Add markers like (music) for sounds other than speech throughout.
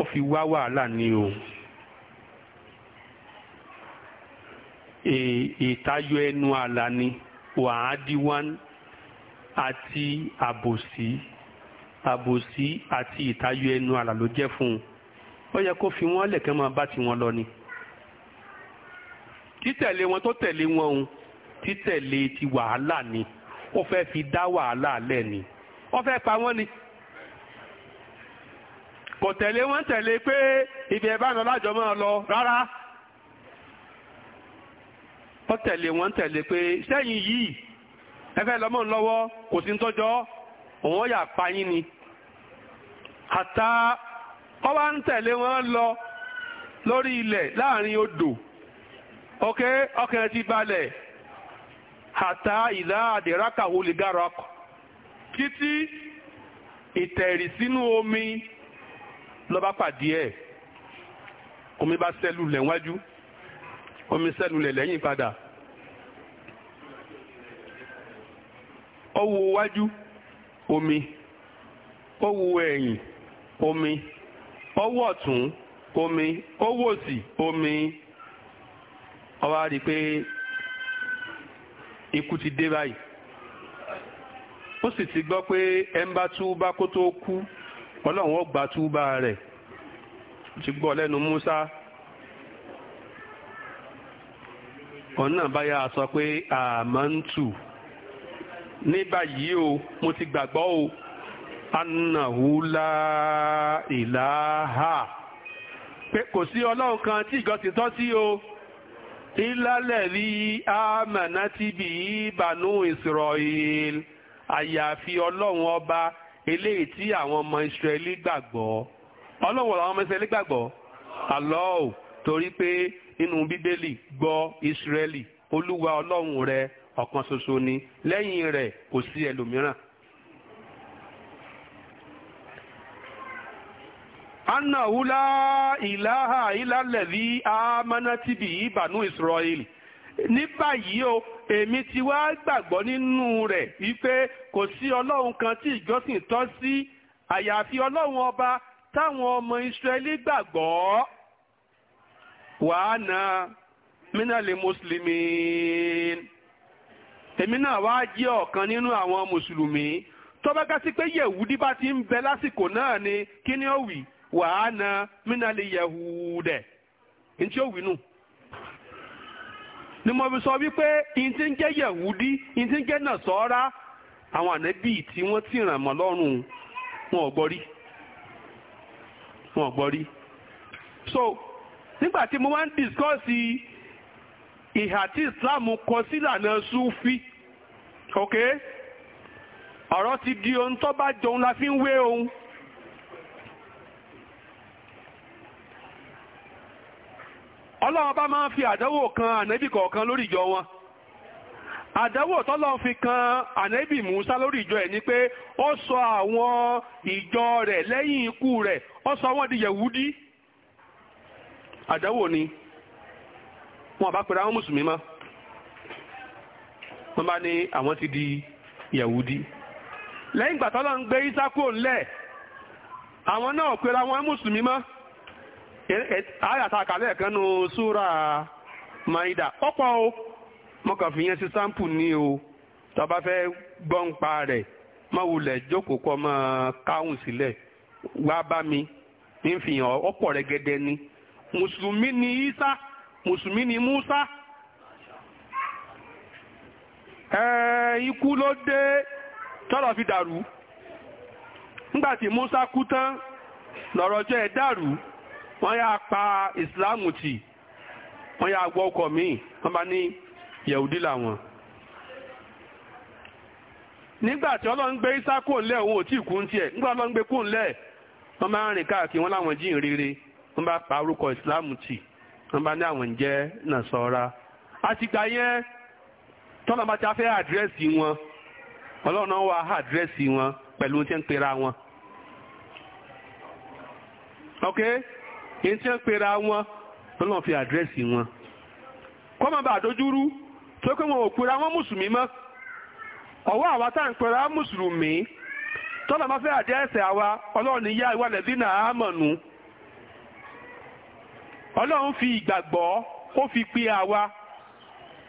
ó fi wá wàhálà ni o e, ìtayọ ẹnu àlà ni wàhádìwán àti àbòsí àbòsí àti ìtayọ ẹnu àlà ló jẹ́ fún un ó yẹ kó fi wọ́n lẹ̀kẹ́ máa bá tiwọn lọ ni títẹ̀lé wọn tó tẹ̀lé wọn òun títẹ̀lé ti wàhálà ni ó fẹ́ fi dá wàhálà lẹ̀ ó fẹ́ pa wọ́n ni. kò tẹ̀lé wọ́n tẹ̀lé pé ibi ẹ̀ bá nà lájọ máa lọ rárá ó tẹ̀lé wọ́n tẹ̀lé pé sẹ́yìn yìí ẹ fẹ́ lọ́mọ́ lọ́wọ́ kò sí tọ́jọ́ òun yà pa yín ni àtà ọ bá ń tẹ̀lé wọn lọ lórí ilẹ̀ láàrin odò ok ọkàn ti balẹ̀ àtà ìlà àdèràkàwò lè gára Kìtì ìtẹ̀rì sínú omi lọ́ba pàdé ẹ̀ omi bá sẹ́lù lẹ̀ wájú omi sẹ́lù lẹ̀ lẹ́yìn padà ó wo wájú omi ó wo ẹ̀yìn omi ó wo ọ̀tún omi ó wo òsì omi ó wá rí i pé ikú ti dé báyìí ó sì ti gbọ́ pé ẹ̀ ń bá tú bá kó tó kú ọlọ́run ó gba túbà rẹ̀ ti gbọ́ lẹ́nu Musa ọ̀nà báyà sọ pé àmọ́ntù ní báyìí o mo ti gbàgbọ́ o anahula ìlàhà pé kò sí ọlọ́run kan tí ìjọsìn tọ́ sí o ìlàlẹ̀rí amànátìbí bànú Israel àyàfi ọlọ́run ọba eléyìí tí àwọn ọmọ Ísírẹ́lì gbàgbọ́ ọlọ́wọ́ làwọn ọmọ Ísírẹ́lì gbàgbọ́ àlọ́ọ̀ torí pé nínú bíbélì gbọ́ Ísírẹ́lì olúwa ọlọ́run rẹ ọ̀kan ṣoṣo ni lẹ́yìn rẹ̀ kò sí ẹlòmíràn. anna wula ilaha ilalẹ̀ bí amanatibi banu Israel ní báyìí o èmi ti wá gbàgbọ́ nínú rẹ̀ wípé kò sí ọlọ́run kan tí ìjọsìn tọ́ sí àyàfi ọlọ́run ọba táwọn ọmọ ìsírẹ́lì gbàgbọ́ wàá na mínàlè mùsùlùmí èmi náà wá jẹ́ ọ̀kan nínú àwọn mùsùlùmí tọ́ba ká sí pé yẹ̀wùdí bá ti ń bẹ lásìkò náà ni kí ó wì wàá na mínàlè yẹ̀wù dẹ̀ ní ó wì nù. No ni mo fi sọ wípé n ti ń jẹ́ yẹ̀wúdí n ti ń jẹ́ nàṣọ́ra àwọn ànábì tí wọ́n ti ràn mọ́ lọ́rùn wọn ò gbọ́ wọn ò gbọ́ so nígbà tí mo wá ń discọ́sì ìhà tí Islam kọ sílànà Súfì ok ọ̀rọ̀ ti di ohun tó bá jọun la fi ń wé ohun. ọlọ́run bá máa ń fi àdánwò kan ànábì kọ̀ọ̀kan lórí ìjọ wọn àdánwò tọ́lọ́run fi kan ànábì Musa lórí ìjọ ẹ̀ ni pé ó sọ àwọn ìjọ rẹ̀ lẹ́yìn ikú rẹ̀ ó sọ wọ́n di yẹ̀wúdí àdánwò ni wọn bá pèrè àwọn mùsùlùmí mọ́ wọ́n bá ní àwọn ti di yẹ̀wúdí lẹ́yìn ìgbà tọ́lọ́run gbé Ísá kúrò ńlẹ̀ àwọn náà pèrè àwọn mùsùlùmí mọ́ àyàtàkàlẹ̀ kan nù sura maida ọpọ o mo ka fi yẹn sí sample o tó bá fẹ́ gbọ́ ń pa rẹ̀ má wulẹ̀ jókòó kọ́ mọ́ káhùn sílẹ̀ wá mi ní fi hàn ọ̀pọ̀ rẹ̀ ni ni isa mùsùlùmí ni musa ẹ̀ẹ́ iku ló dé tọ́rọ̀ fi daru nígbà tí musa kú tán lọ́rọ̀ jẹ́ wọ́n yà pa Islam tì wọ́n yà gbọ́ ọkọ̀ míì wọ́n bá ní yẹ̀wùdí làwọn. nígbà tí ọlọ́run gbé isa kò ńlẹ̀ òun ò tí ì kú ń tiẹ̀ nígbà ọlọ́run gbé kò ńlẹ̀ wọ́n máa rìn káàkiri wọ́n láwọn jíìn rere wọ́n bá pa orúkọ Islam tì wọ́n bá ní àwọn ń jẹ́ nàṣọ́ra. àtìgbà yẹn tọ́lọ́ bá ti fẹ́ àdírẹ́sì wọn ọlọ́run wá àdírẹ́sì wọn pẹ̀lú tí ń pera wọn. okay èyí tí wọ́n pera wọn lọ́nà fi àdírẹ́sì wọn kọ́ máa bá àdójúrú tó pé wọn ò pera wọn mùsùlùmí mọ́ ọwọ́ àwa tá à ń pera mùsùlùmí tọ́lá máa fẹ́ àdírẹ́sì àwa ọlọ́run ní yá ìwà lẹ́bínà àmọ̀nù ọlọ́run fi ìgbàgbọ́ ó fi pe àwa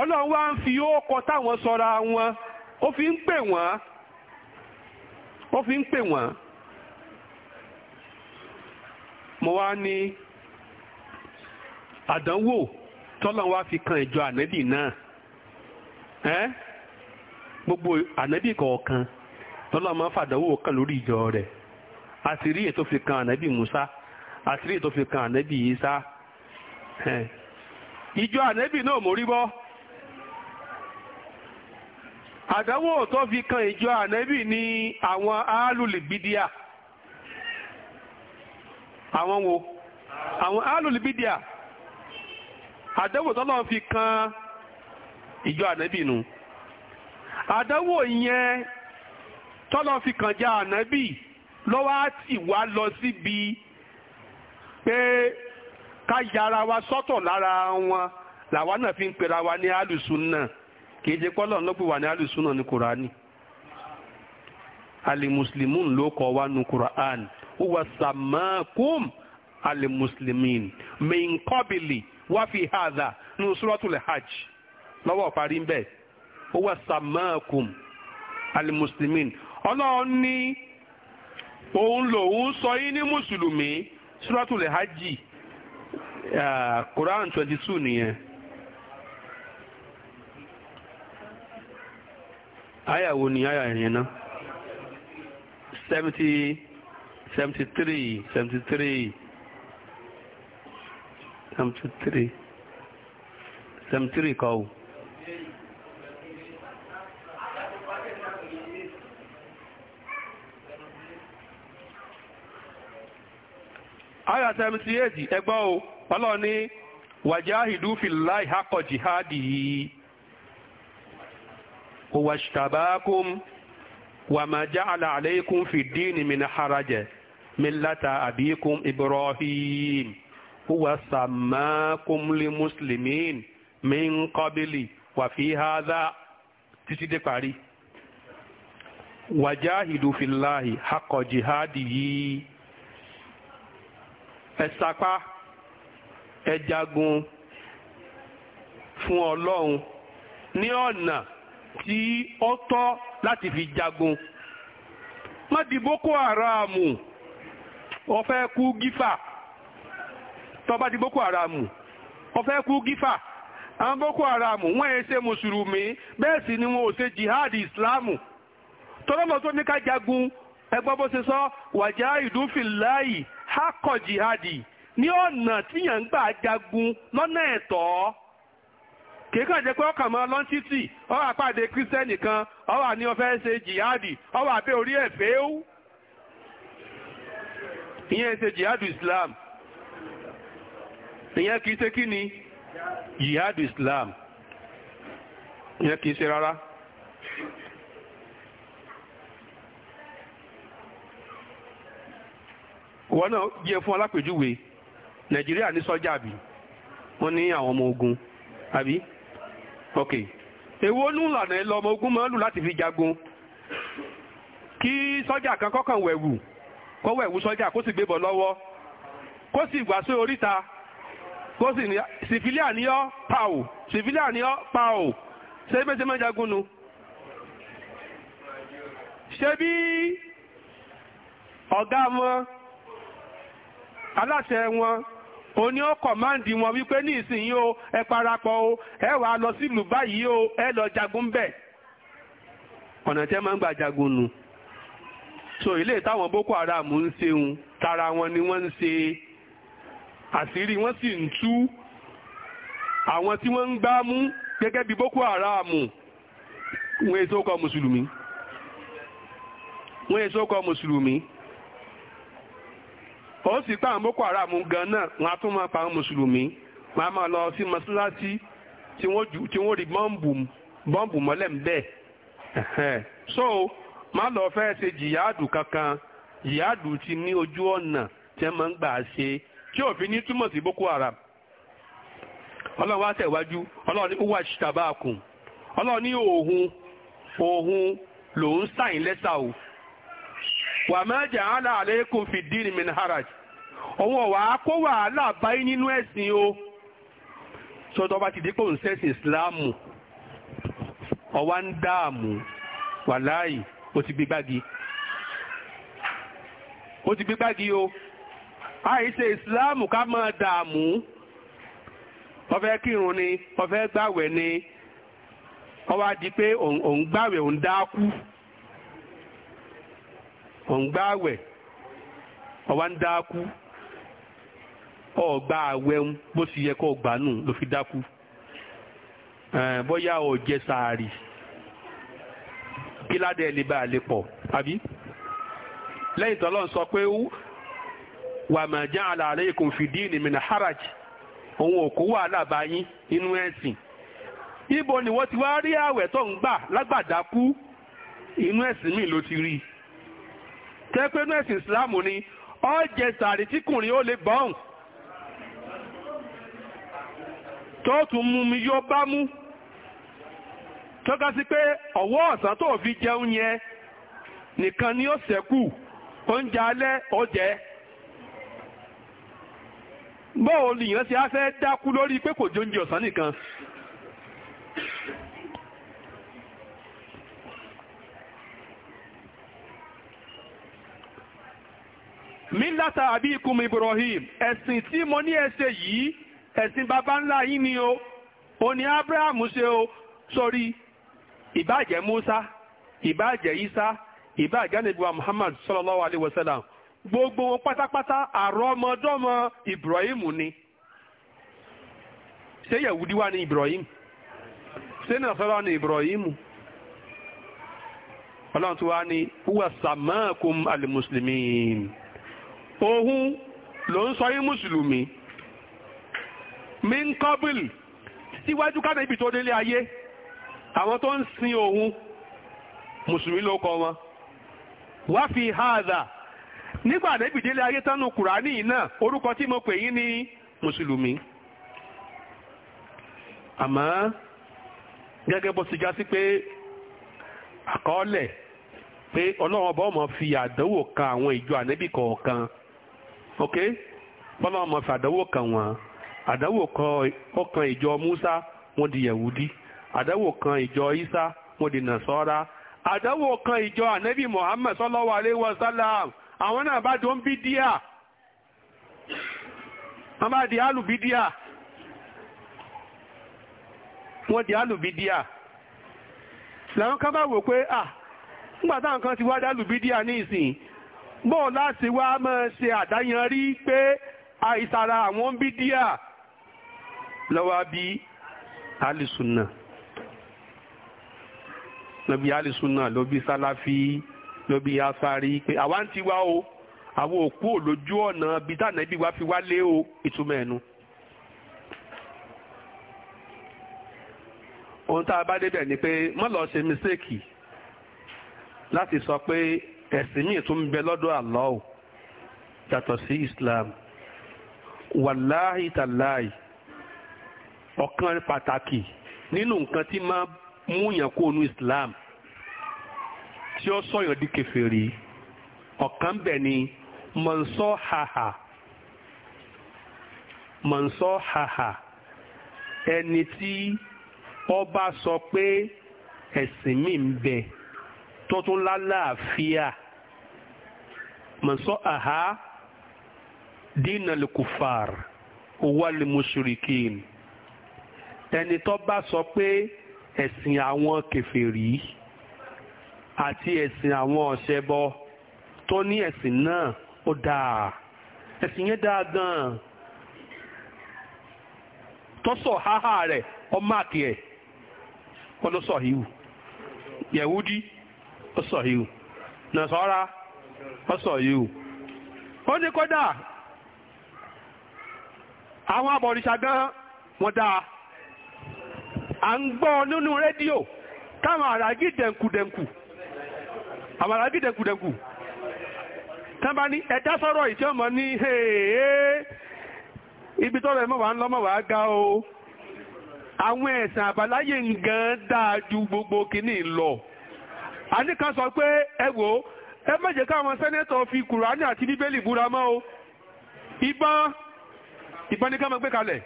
ọlọ́run wá ń fi ókọ táwọn sọra wọn ó fi ń pè wọ́n ó fi ń pè wọ́n. mo wá ní àdánwò tọ́lọ́ wa fi kan ìjọ ànábì náà gbogbo ànábì kọ̀ọ̀kan tọ́lọ́ máa ń fàdánwò kan lórí ìjọ rẹ̀ àṣírí ètò fi kan ànábì Musa àṣírí ètò fi kan ànábì Isa ìjọ ànábì náà mórí bọ́ àdánwò tó fi kan ìjọ ànábì ní àwọn alùlùbídíà. àwọn wo àwọn alùlùbídíà tọ́lọ́ fi kan ìjọ ànábì nu àdánwò yẹn tọ́lọ́ fi kan já ànábì lọ́wọ́ á tì wá lọ síbi pé ká yára wa sọ́tọ̀ lára wọn làwa náà fi ń pera wa ní alùsùn náà kì í ṣe huwa samakum alimuslimin min qabili wa fi hadha nínú suratul hajj parí ń huwa samakum alimuslimin òun lòun sọ yín ní mùsùlùmí suratul hajj twenty two nìyẹn. 73 73 73 73 kọ́ aya 78 ẹgbọ́ o ọlọ́ọ̀ ní wàjáhìdú fìláì hakọ̀ jihadi yìí huwa ishtabakum wa ja'ala alaykum fi ddini min harajah millata abikum ibrahim huwa sammakum li muslimin min qabili wa fi hadha títí dé parí wajahidu fillahi haqqa jihadihi ẹ sapá ẹ jagun fún Ọlọ́run ní ọ̀nà tí ó fi jagun má di Boko Haram. ó fẹ́ kú gífà tó bá di boko haram ó fẹ́ kú gífà àwọn boko haram wọ́n ẹ̀ ṣe mùsùlùmí bẹ́ẹ̀ sì ni wọn ò ṣe jihad islamu tọ́lọ́mọ̀ tó ní ká jagun ẹgbọ́ ṣe sọ wàjá ìdúnfìláì hákọ̀ jihadi ní ọ̀nà tíyàn ń gbà jagun lọ́nà ẹ̀tọ́ kìíkàn jẹ́ pé ọkàn mọ́ lọ́ńtítì ó pàdé kírísítẹ́nì kan ó wá ní ó fẹ́ ṣe jihadi ó wá orí ẹ̀fẹ́ ó ìyẹn ṣe jihadu islam ìyẹn kìí ṣe kí ni jihadu islam ìyẹn kìí ṣe rárá wọ́n náà jẹ́ fún alápèjúwe nàìjíríà ní sọ́jà bí wọ́n ní àwọn ọmọ ogun àbí ok èwo nù lànà ẹ lọ ọmọ ogun máa ń lù láti fi jagun kí sọ́jà kan kọ́kàn kọ́wọ́ ẹ̀wù sọ́jà kó sì gbébọ̀ lọ́wọ́ kó sì gbà sí oríta kó sì ní sìfìlíà ní ọ́ pa ò sìfìlíà ní ọ́ pa ṣé bí ṣe máa nu ṣé bí ọ̀gá wọn aláṣẹ wọn òní ó kọ̀máǹdì wọn wípé ní ìsinyìí o ẹ parapọ̀ o ẹ lọ sílùú báyìí o ẹ lọ jagun bẹ́ẹ̀ ọ̀nà tẹ́ máa ń jagun nu. so ilé táwọn boko haram ń ṣeun tara wọn ni wọ́n ń ṣe àṣírí wọ́n sì ń tú àwọn tí wọ́n ń gbá mú gẹ́gẹ́ bí boko haram wọ́n èso kọ mùsùlùmí wọ́n èso kọ mùsùlùmí ó sì pa àwọn boko haram gan náà wọ́n á tún máa pa àwọn mùsùlùmí wọ́n á máa lọ sí mọ́sálásí tí wọ́n rí bọ́ǹbù mọ́lẹ̀ ń bẹ̀ so. má lọ fẹ́ ṣe jìyàdù kankan jìyàdù ti ní ojú ọ̀nà tí wọ́n máa ń gbà ṣe tí òfin ní túmọ̀ sí Boko Haram ọlọ́run wá tẹ̀wájú ọlọ́run ní wà ọlọ́run ní òhun òhun lòun sàyìn lẹ́sà o wà fi haraj òun ọ̀wà kó wàhálà nínú o sọdọ bá ti sẹ́sìn ó ti gbé gbági ó ti gbé gbági o àìṣe ìsìláàmù ká máa dààmú ọfẹ́ kírun ni ọfẹ́ gbàwẹ̀ ni ọwọ́ adi pé òun gbàwẹ̀ òun dákú òun gbàwẹ̀ ọwọ́ ń dákú ọgbà àwẹ̀ bó sì yẹ kó gbà nù ló fi dákú bóyá ó sàárì kí ládẹ́ ẹ̀ lè bá a lè pọ̀ àbí lẹ́yìn tó lọ́n sọ pé wà mà ja'ala alaykum fi dini min haraj òun ò kó wàhálà bá yín nínú ẹ̀sìn ibo ni wọ́n ti wá rí ààwẹ̀ tó ń gbà lágbàdákú inú ẹ̀sìn mi ló ti rí tẹ́pẹ́ inú ẹ̀sìn Islam ni ó jẹ tíkùnrin ó lè bọ́ọ̀n tó tún mú mi yó bá mú. tọ́ka sí pé ọ̀wọ́ ọ̀sán tó fi jẹun yẹn nìkan ni ó ṣẹ́kù oúnjẹ alẹ́ ọ̀jẹ́ bọ́ọ̀ lèèyàn ṣe á fẹ́ dákú lórí pé kò jóúnjẹ ọ̀sán nìkan mi mílátà àbí ikùn Ibrahim ẹ̀sìn tí mo ní ẹsẹ̀ yìí ẹ̀sìn baba ńlá yìí ni o ó ní Abraham ṣe o sórí ìbáàjẹ́ Musa ìbáàjẹ́ Isa ìbáàjẹ́ anabiwa Muhammad sallallahu alayhi wa sallam gbogbo wọn pátápátá àrọ́mọdọ́mọ Ibrahim ni ṣé yẹ̀wùdí wà ní Ibrahim ṣé nàfẹ́rọ́ ní Ibrahim ọlọ́run tó wá ní wúwà sàmáàkùn alimusulmi ohun ló ń sọ yí mùsùlùmí min kọ́bìl síwájú kánà ibi tó délé ayé àwọn tó ń sin òun mùsùlùmí ló kọ wọn wá fi haza nígbà débìdélé ayé tánú kùránì náà orúkọ tí mo pè yín ní mùsùlùmí àmọ́ gẹ́gẹ́ bó ti já sí pé àkọọ́lẹ̀ pé ọlọ́run ọba ọmọ fi àdánwò kan àwọn ìjọ ànẹ́bì kọ̀ọ̀kan ok bọ́lá ọmọ fi àdánwò kan wọn àdánwò kan ọkàn ìjọ Musa wọn di àdáwò kan ìjọ isa wọ́n di sọra àdáwò kan ìjọ anabi muhammed sallallahu alaihi wasallam àwọn náà bá dùn bí díà di wọ́n di alùbí làwọn kan bá wò pé à nígbà táwọn ti wá dá alùbí ní ìsìn bóò láti wá máa ṣe àdáyanrí pé àìsàrà ló bí alisuna ló bí salafi ló bí asari pé àwa ń tiwa o àwọn òkú ò lójú ọ̀nà bíi táwọn ẹbí wa fi wá lé o ìtumọ̀ ẹ̀nu. ohun tá a bá débẹ̀ ni pé má lọ ṣe mistake láti sọ pé ẹ̀sìn míì tún bẹ lọ́dọ̀ Allah o yàtọ̀ sí Islam wàláhì tàláì ọ̀kan pàtàkì nínú nǹkan tí máa mú yàn kó nu Islam tí ó sọyàn di kèfèrí ọ̀kan bẹ̀ ni mọ̀nsọ́ haha mọ̀nsọ́ haha ẹni tí ọba sọ pé ẹ̀sìn mi ń bẹ tó tún lálàáfíà mọ̀nsọ́ haha dínà lukufar wàlúmùsùrìkìn ẹni tó bá sọ pé. ẹ̀sìn àwọn kèfèrí àti ẹ̀sìn àwọn ọ̀ṣẹbọ tó ní ẹ̀sìn náà ó dáa ẹ̀sìn yẹn dáa gan-an tọ́sọ̀ háhá rẹ̀ ọmọ ẹ̀ sọ híhù yẹ̀wúdí ọ sọ híhù nàṣọ́ra ọ sọ híhù ó ní kódà àwọn abọ̀rìṣà gan à ń gbọ́ nínú rédíò táwọn àràgí dẹ̀nkùdẹ̀nkù àwọn àràgí dẹ̀nkùdẹ̀nkù ni ní ẹ̀dá sọ́rọ̀ ìtí ọmọ ní hèèè ibi tọ́rọ̀ ẹ̀mọ́ wà ń wà ga o àwọn ẹ̀sìn àbáláyé nǹkan dáa gbogbo kìíní lọ àníkan sọ pé ẹ wò ó ẹ má jẹ́ káwọn sẹ́nẹ́tọ̀ fi kùránì àti bíbélì búra mọ́ o ìbọn ìbọn ní ká gbé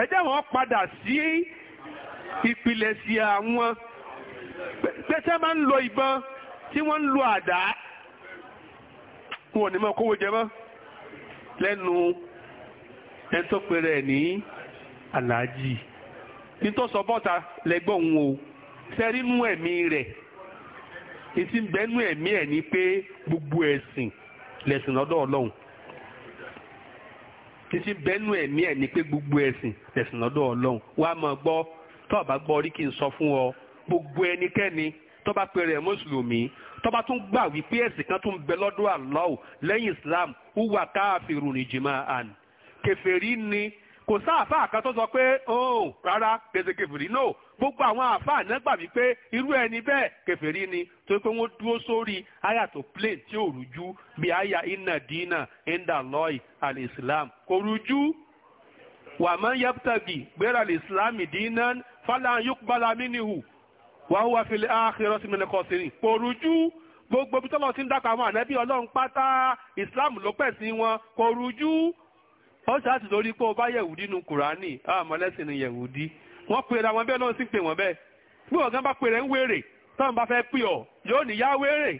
ẹ jẹ́ wọn padà sí ìpìlẹ̀sì àwọn pẹ́sẹ́ máa ń lo ìbọn tí wọ́n ń lo àdá wọn ò ní máa kówó jẹ mọ́ lẹ́nu ẹni tó pe rẹ̀ ní aláàjì nítòsọ bọ́ta lẹ́gbọ́n òun o sẹ́rínú ẹ̀mí rẹ̀ ètí ń bẹ́nu ẹ̀mí ẹ̀ ní pé gbogbo ẹ̀sìn lẹ̀sìn lọ́dọ̀ ọlọ́run títí bẹ́nu ẹ̀mí ẹ̀ ní pé gbogbo ẹ̀sìn ẹ̀sìn lọ́dọ̀ ọlọ́run wàá máa gbọ́ tó o bá gbọ́ rí kí n sọ fún ọ gbogbo ẹnikẹ́ni tó bá mùsùlùmí tó tún gbà wípé ẹ̀sìn kan tún bẹ lọ́dọ̀ Allah lẹ́yìn Islam hùwà káàfìrù ní jìmá àn kèfèrí ni kò sáàfà kan tó sọ pé ó oh, rárá kèsè náà gbogbo àwọn àfáà náà gbà wípé irú ẹni bẹ́ẹ̀ kèfèrí ni tó pé wọ́n dúró sórí àyà tó plain tí ò rújú bí àyà iná dínà ẹ̀ńdà lọ́ọ̀ì alìsílám kò rújú wàmọ́ yẹ́pútàgì gbéra alìsílám dínà fàlàyé yókùbálà mínihù wàá wá fi àkìrọ̀ sí mẹ́lẹ̀ kọ́sìnrin kò rújú gbogbo bí tọ́lọ́ ti ń dákọ̀ àwọn ànábì ọlọ́run pátá ìsìláàmù ló pẹ̀sìn wọn kò rújú ó ṣáàtì lórí pé ó bá yẹ̀wùdí nu kùránì àmọ́ lẹ́sìn ni yẹ̀wùdí wọ́n pèrè àwọn bẹ́ẹ̀ náà sì pè wọ́n bẹ́ẹ̀ bí wọ́n gan bá pèrè ń wèrè tọ́n bá fẹ́ pè ọ́ yóò níyà wèrè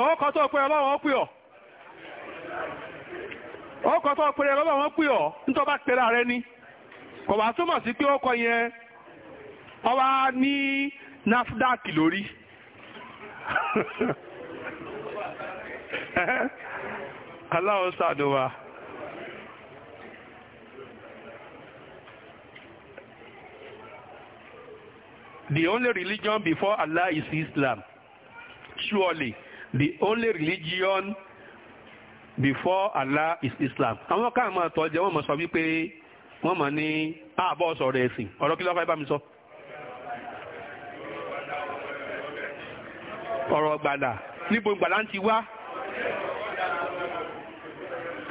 ọwọ́ tó pè ọ́ lọ́wọ́ pè ọ́ ọwọ́ tó pè ọ́ lọ́wọ́ pè ọ́ nítorí bá pèrè ààrẹ ni kò wá túmọ̀ sí pé ọkọ̀ yẹn ní NAFDAC lórí aláwọ̀ (laughs) sàdùn wa. The only religion before Allah is Islam. Surely, the only religion before Allah is Islam. Àwọn kan máa tọ́jú wọ́n máa sọ wípé wọ́n máa ní àbọ̀ sọ̀rọ̀ ẹ̀sìn. Ọ̀rọ̀ kí ló fẹ́ bá mi sọ? Ọ̀rọ̀ gbàdà níbo gbàdà ń ti wá?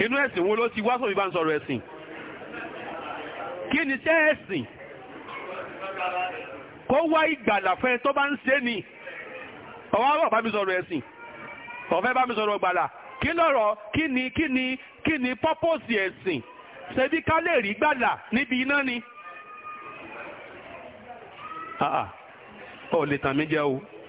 Inú ẹ̀sìn wo ló ti wá sóbi bá ń sọ̀rọ̀ ẹ̀sìn? Kí ni sẹ́ ẹ̀sìn? kó wá ìgbàlà fún ẹ tó bá ń ṣe ni ọwọ́ àwọn bá mi sọ̀rọ̀ ẹ̀sìn ọ̀fẹ́ bá mi sọ̀rọ̀ ìgbàlà kí lọ́rọ̀ kí ni kí ni kí ni pọ́pọ́sì ẹ̀sìn ṣebí ká lè rí gbàlà níbi iná ni. ọ̀ ah, ah. lè tàn mí jẹ́ o.